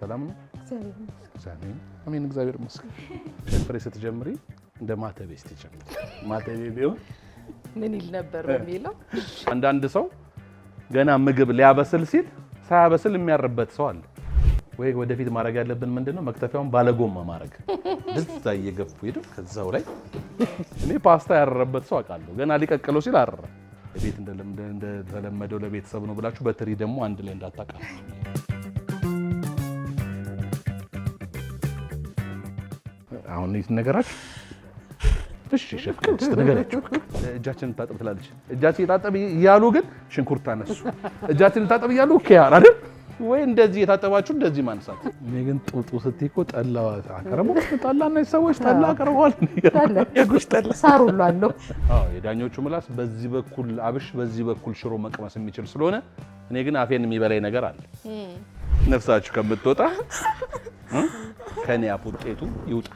ሰላም ነው? እግዚአብሔር አሜን። እግዚአብሔር ይመስገን። ሸንፈሬ ስትጀምሪ እንደ ማተቤ ስትጀምሪ ማተቤ ቢሆን ምን ይል ነበር በሚለው አንዳንድ ሰው ገና ምግብ ሊያበስል ሲል ሳያበስል የሚያርበት ሰው አለ። ወይ ወደፊት ማድረግ ያለብን ምንድነው? መክተፊያውን ባለጎማ ማድረግ እዛ እየገፉ ሄደው ከዛው ላይ እኔ ፓስታ ያረረበት ሰው አውቃለሁ። ገና ሊቀቅለው ሲል አረረ። ቤት እንደተለመደው ለቤተሰብ ነው ብላችሁ በትሪ ደግሞ አንድ ላይ እንዳታቃ አሁን ነገራችሁ እሺ ሸፍቅል ስትነግራችሁ እጃችንን ታጠብ ትላለች። እጃችን የታጠብ እያሉ ግን ሽንኩርት አነሱ። እጃችን ታጠብ እያሉ ኪያር አይደል ወይ እንደዚህ የታጠባችሁ እንደዚህ ማንሳት። እኔ ግን ጡጡ ስትይ እኮ ጠላ አቀረቡ ጠላ እና ሰዎች ጠላ አቀርበዋል። የጉሽ ጠላ ሳር ሁሉ አለው። አዎ የዳኞቹ ምላስ በዚህ በኩል አብሽ፣ በዚህ በኩል ሽሮ መቅመስ የሚችል ስለሆነ እኔ ግን አፌን የሚበላኝ ነገር አለ። ነፍሳችሁ ከምትወጣ ከኔ አፍ ውጤቱ ይውጣ።